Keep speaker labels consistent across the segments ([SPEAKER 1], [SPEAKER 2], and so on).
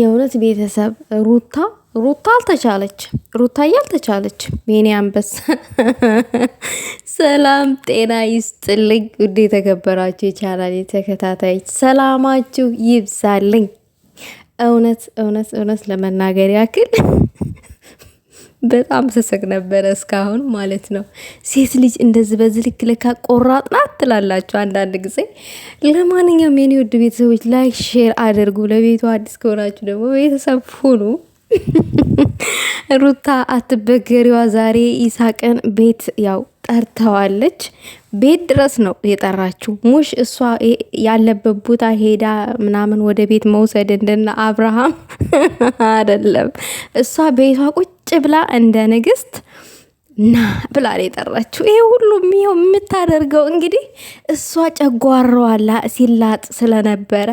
[SPEAKER 1] የእውነት ቤተሰብ ሩታ ሩታ አልተቻለች፣ ሩታዬ አልተቻለች። የኔ አንበሳ ሰላም ጤና ይስጥልኝ። ውድ የተከበራችሁ የቻናል ተከታታዮች ሰላማችሁ ይብዛልኝ። እውነት እውነት እውነት ለመናገር ያክል በጣም ስስቅ ነበረ እስካሁን ማለት ነው። ሴት ልጅ እንደዚህ በዚህ ልክ ልካ ቆራጥ ናት ትላላችሁ አንዳንድ ጊዜ። ለማንኛውም የኔ ውድ ቤተሰቦች ላይክ፣ ሼር አድርጉ። ለቤቱ አዲስ ከሆናችሁ ደግሞ ቤተሰብ ሁኑ። ሩታ አትበገሪዋ ዛሬ ይሳቅን ቤት ያው ጠርተዋለች። ቤት ድረስ ነው የጠራችው። ሙሽ እሷ ያለበት ቦታ ሄዳ ምናምን ወደ ቤት መውሰድ እንደና አብርሃም አይደለም። እሷ ቤቷ ቁጭ ብላ እንደ ንግስት ና ብላ ነው የጠራችው። ይሄ ሁሉ የሚሆን የምታደርገው እንግዲህ እሷ ጨጓራዋላ ሲላጥ ስለነበረ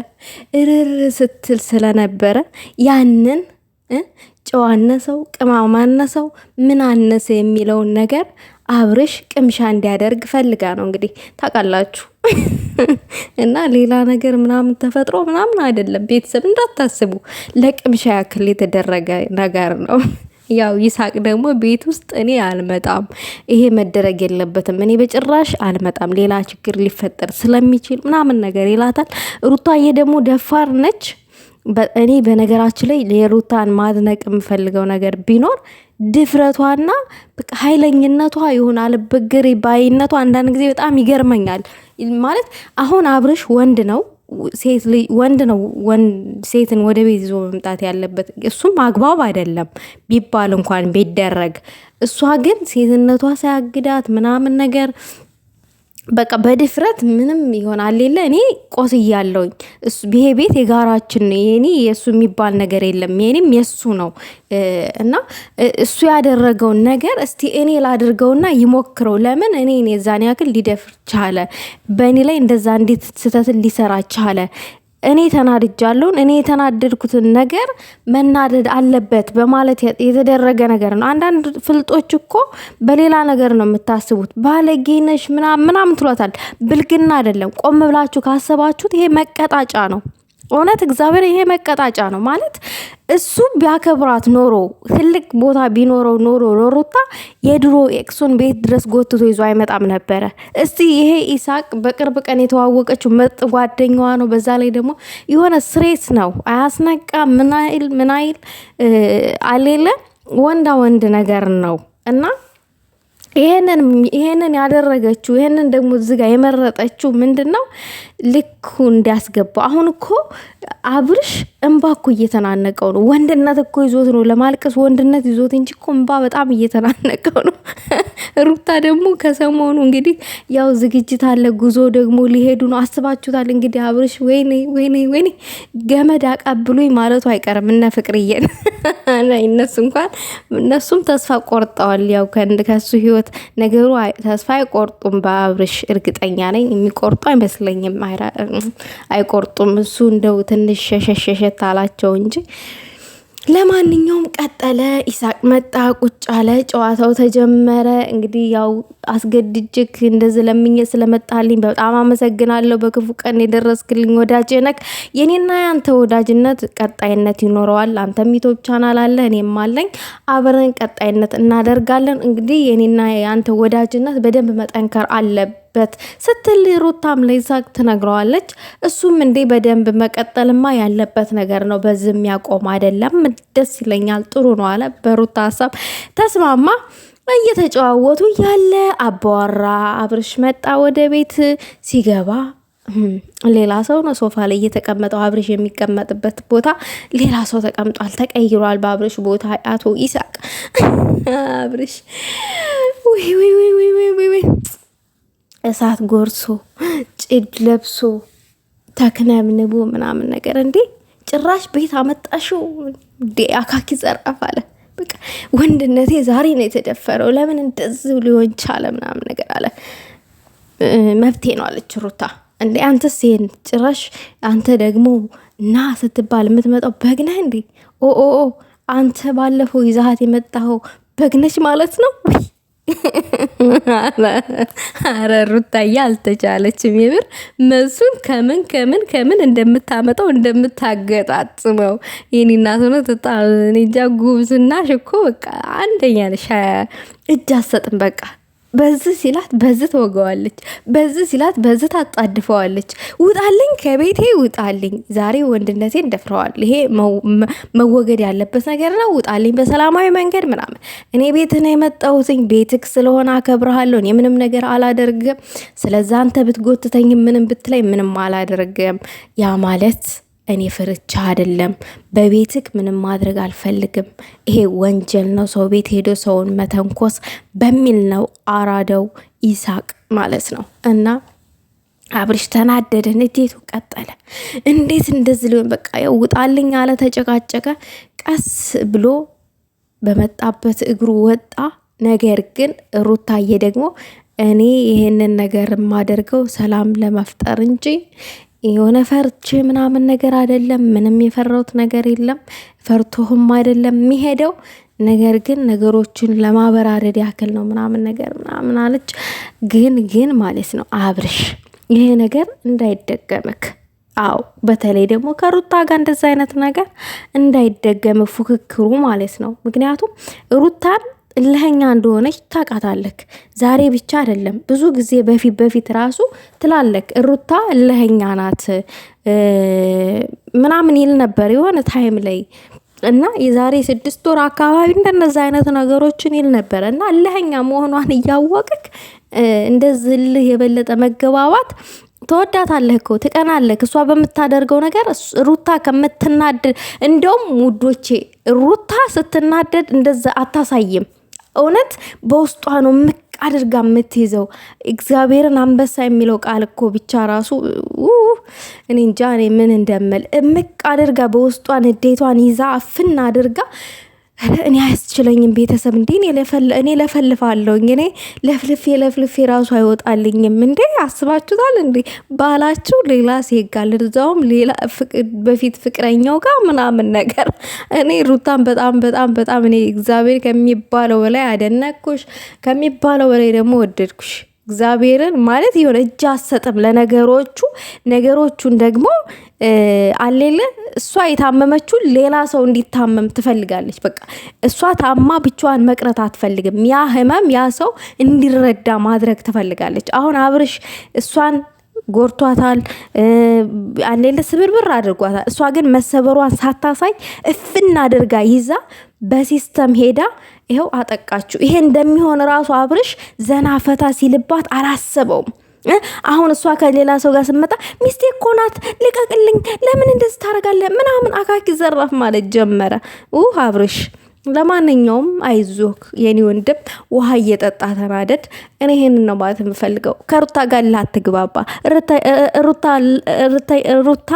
[SPEAKER 1] እርር ስትል ስለነበረ ያንን ጨው አነሰው አነሰው ምን አነሰ የሚለውን ነገር አብርሽ ቅምሻ እንዲያደርግ ፈልጋ ነው እንግዲህ ታውቃላችሁ። እና ሌላ ነገር ምናምን ተፈጥሮ ምናምን አይደለም። ቤተሰብ እንዳታስቡ፣ ለቅምሻ ያክል የተደረገ ነገር ነው። ያው ይሳቅ ደግሞ ቤት ውስጥ እኔ አልመጣም፣ ይሄ መደረግ የለበትም፣ እኔ በጭራሽ አልመጣም፣ ሌላ ችግር ሊፈጠር ስለሚችል ምናምን ነገር ይላታል። ሩታዬ ደግሞ ደፋር ነች። እኔ በነገራችን ላይ የሩታን ማድነቅ የምፈልገው ነገር ቢኖር ድፍረቷና ኃይለኝነቷ ይሁን አልበገሬ ባይነቷ አንዳንድ ጊዜ በጣም ይገርመኛል። ማለት አሁን አብርሽ ወንድ ነው ሴት ወንድ ነው ሴትን ወደ ቤት ይዞ መምጣት ያለበት። እሱም አግባብ አይደለም ቢባል እንኳን ቢደረግ፣ እሷ ግን ሴትነቷ ሳያግዳት ምናምን ነገር በቃ በድፍረት ምንም ይሆናል የለ እኔ ቆስያለሁኝ። ይሄ ቤት የጋራችን ነው፣ የኔ የእሱ የሚባል ነገር የለም፣ የኔም የእሱ ነው እና እሱ ያደረገውን ነገር እስቲ እኔ ላድርገውና ይሞክረው። ለምን እኔ የዛን ያክል ሊደፍር ቻለ? በእኔ ላይ እንደዛ እንዴት ስህተትን ሊሰራ ቻለ? እኔ ተናድጃለሁን እኔ የተናደድኩትን ነገር መናደድ አለበት በማለት የተደረገ ነገር ነው። አንዳንድ ፍልጦች እኮ በሌላ ነገር ነው የምታስቡት። ባለጌነሽ ምናምን ምናምን ትሏታል። ብልግና አይደለም። ቆም ብላችሁ ካሰባችሁት ይሄ መቀጣጫ ነው። እውነት እግዚአብሔር ይሄ መቀጣጫ ነው ማለት እሱ ቢያከብራት ኖሮ ትልቅ ቦታ ቢኖረው ኖሮ ሮሩታ የድሮ ኤክሱን ቤት ድረስ ጎትቶ ይዞ አይመጣም ነበረ። እስቲ ይሄ ኢሳቅ በቅርብ ቀን የተዋወቀችው መጥ ጓደኛዋ ነው። በዛ ላይ ደግሞ የሆነ ስሬት ነው አያስነቃ ምናይል ምናይል አሌለ ወንዳ ወንድ ነገር ነው እና ይሄንን ይሄንን ያደረገችው ይሄንን ደግሞ እዚህ ጋር የመረጠችው ምንድን ነው? ልኩ እንዲያስገባው አሁን እኮ አብርሽ እንባ እኮ እየተናነቀው ነው። ወንድነት እኮ ይዞት ነው ለማልቀስ ወንድነት ይዞት እንጂ እኮ እንባ በጣም እየተናነቀው ነው። ሩታ ደግሞ ከሰሞኑ እንግዲህ ያው ዝግጅት አለ፣ ጉዞ ደግሞ ሊሄዱ ነው። አስባችሁታል እንግዲህ አብርሽ ወይኔ ወይኔ ወይኔ ገመድ አቀብሉኝ ማለቱ አይቀርም። እነ ፍቅርዬን እነሱ እንኳን እነሱም ተስፋ ቆርጠዋል። ያው ከሱ ህይወት ነገሩ ተስፋ አይቆርጡም። በአብርሽ እርግጠኛ ነኝ የሚቆርጡ አይመስለኝም። አይቆርጡም። እሱ እንደው ትንሽ ሸሸሸሸ ቆየት አላቸው እንጂ ለማንኛውም ቀጠለ። ኢሳቅ መጣ፣ ቁጭ አለ፣ ጨዋታው ተጀመረ። እንግዲህ ያው አስገድጅክ እንደዚህ ለምኘ ስለመጣልኝ በጣም አመሰግናለሁ። በክፉ ቀን የደረስክልኝ ወዳጅ ነክ። የኔና ያንተ ወዳጅነት ቀጣይነት ይኖረዋል። አንተም ዩቲዩብ አላለ እኔም አለኝ። አብረን ቀጣይነት እናደርጋለን። እንግዲህ የኔና ያንተ ወዳጅነት በደንብ መጠንከር አለብን። አለበት ስትል ሩታም ለይሳቅ ትነግረዋለች። እሱም እንዴ በደንብ መቀጠልማ ያለበት ነገር ነው፣ በዝም ያቆም አይደለም፣ ደስ ይለኛል፣ ጥሩ ነው አለ። በሩታ ሀሳብ ተስማማ። እየተጨዋወቱ ያለ አባወራ አብርሽ መጣ ወደ ቤት ሲገባ ሌላ ሰው ነው ሶፋ ላይ እየተቀመጠው። አብርሽ የሚቀመጥበት ቦታ ሌላ ሰው ተቀምጧል፣ ተቀይሯል። በአብርሽ ቦታ አቶ ይሳቅ አብርሽ እሳት ጎርሶ ጭድ ለብሶ ተክነብንቦ ምናምን ነገር እንዴ! ጭራሽ ቤት አመጣሽው እንዴ! አካኪ ዘራፍ አለ። በቃ ወንድነቴ ዛሬ ነው የተደፈረው። ለምን እንደዚህ ሊሆን ቻለ? ምናምን ነገር አለ። መፍትሄ ነው አለች ሩታ። እንዴ አንተስ ይሄን ጭራሽ አንተ ደግሞ ና ስትባል የምትመጣው በግነ እንዴ? ኦ ኦ አንተ ባለፈው ይዛሀት የመጣኸው በግነች ማለት ነው። አረ ሩታዬ አልተቻለችም። የምር መሱን ከምን ከምን ከምን እንደምታመጣው እንደምታገጣጥመው የኔ እናት ሆነ ትጣ እኔ እንጃ። ጉብዝናሽ እኮ በቃ አንደኛ ነሽ። እጅ አሰጥም በቃ በዝ ሲላት በዝ ትወገዋለች፣ በዝ ሲላት በዝ ታጣድፈዋለች። ውጣልኝ፣ ከቤቴ ውጣልኝ። ዛሬ ወንድነቴን ደፍረዋል። ይሄ መወገድ ያለበት ነገር ነው። ውጣልኝ በሰላማዊ መንገድ ምናምን። እኔ ቤትህ ነው የመጣሁትኝ፣ ቤትህ ስለሆነ አከብረሃለሁ። የምንም ነገር አላደርግም። ስለዛ አንተ ብትጎትተኝ ምንም ብትላይ ምንም አላደርግም። ያ ማለት እኔ ፍርቻ አይደለም በቤትክ ምንም ማድረግ አልፈልግም፣ ይሄ ወንጀል ነው፣ ሰው ቤት ሄዶ ሰውን መተንኮስ በሚል ነው አራዳው ይሳቅ ማለት ነው። እና አብርሽ ተናደደ፣ ንዴቱ ቀጠለ። እንዴት እንደዚህ ሊሆን በቃ ውጣልኝ አለ፣ ተጨቃጨቀ። ቀስ ብሎ በመጣበት እግሩ ወጣ። ነገር ግን ሩታዬ ደግሞ እኔ ይሄንን ነገር የማደርገው ሰላም ለመፍጠር እንጂ የሆነ ፈርቼ ምናምን ነገር አይደለም። ምንም የፈራሁት ነገር የለም። ፈርቶህም አይደለም የሚሄደው ነገር ግን ነገሮችን ለማበራረድ ያክል ነው ምናምን ነገር ምናምን አለች። ግን ግን ማለት ነው አብርሽ ይሄ ነገር እንዳይደገምክ አው በተለይ ደግሞ ከሩታ ጋር እንደዚ አይነት ነገር እንዳይደገም ፉክክሩ ማለት ነው። ምክንያቱም ሩታን እልኸኛ እንደሆነች ታውቃታለህ። ዛሬ ብቻ አይደለም ብዙ ጊዜ በፊት በፊት ራሱ ትላለክ እሩታ እልኸኛ ናት ምናምን ይል ነበር የሆነ ታይም ላይ እና የዛሬ ስድስት ወር አካባቢ እንደነዛ አይነት ነገሮችን ይል ነበረ እና እልኸኛ መሆኗን እያወቅክ እንደዚህ እልህ የበለጠ መገባባት ተወዳታለህ እኮ ትቀናለህ። እሷ በምታደርገው ነገር ሩታ ከምትናደድ እንደውም ውዶቼ ሩታ ስትናደድ እንደዛ አታሳይም። እውነት በውስጧ ነው ምቅ አድርጋ የምትይዘው። እግዚአብሔርን አንበሳ የሚለው ቃል እኮ ብቻ ራሱ እኔ እንጃ እኔ ምን እንደምል። ምቅ አድርጋ በውስጧ ንዴቷን ይዛ አፍና አድርጋ እኔ አያስችለኝም። ቤተሰብ እንዴ እኔ ለፈልፋለሁ እኔ ለፍልፌ ለፍልፌ ራሱ አይወጣልኝም። እንዴ አስባችሁታል እንዴ? ባላችሁ ሌላ ሴት ጋር ሌላ በፊት ፍቅረኛው ጋር ምናምን ነገር። እኔ ሩታን በጣም በጣም በጣም እኔ እግዚአብሔር ከሚባለው በላይ አደነኩሽ ከሚባለው በላይ ደግሞ ወደድኩሽ። እግዚአብሔርን ማለት የሆነ እጅ አሰጥም ለነገሮቹ ነገሮቹን ደግሞ አሌለ እሷ የታመመችው ሌላ ሰው እንዲታመም ትፈልጋለች። በቃ እሷ ታማ ብቻዋን መቅረት አትፈልግም። ያ ህመም ያ ሰው እንዲረዳ ማድረግ ትፈልጋለች። አሁን አብርሽ እሷን ጎርቷታል፣ አሌለ ስብርብር አድርጓታል። እሷ ግን መሰበሯን ሳታሳይ እፍና አድርጋ ይዛ በሲስተም ሄዳ ይኸው አጠቃችሁ። ይሄ እንደሚሆን ራሱ አብርሽ ዘና ፈታ ሲልባት አላሰበውም። አሁን እሷ ከሌላ ሰው ጋር ስመጣ ሚስቴ እኮ ናት ልቀቅልኝ፣ ለምን እንደዚህ ታደርጋለህ? ምናምን አካኪ ዘራፍ ማለት ጀመረ። ውህ አብርሽ፣ ለማንኛውም አይዞክ የኔ ወንድም፣ ውሃ እየጠጣ ተናደድ። እኔ ይሄንን ነው ማለት የምፈልገው። ከሩታ ጋር ላትግባባ ሩታ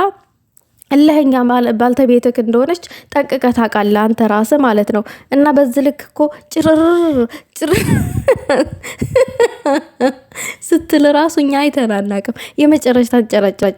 [SPEAKER 1] እልኸኛ ባልተቤትክ እንደሆነች ጠንቅቀህ ታውቃለህ አንተ ራስህ ማለት ነው። እና በዚህ ልክ እኮ ጭርር ጭር ስትል ራሱ እኛ አይተን አናውቅም። የመጨረሻ ታንጨረጫ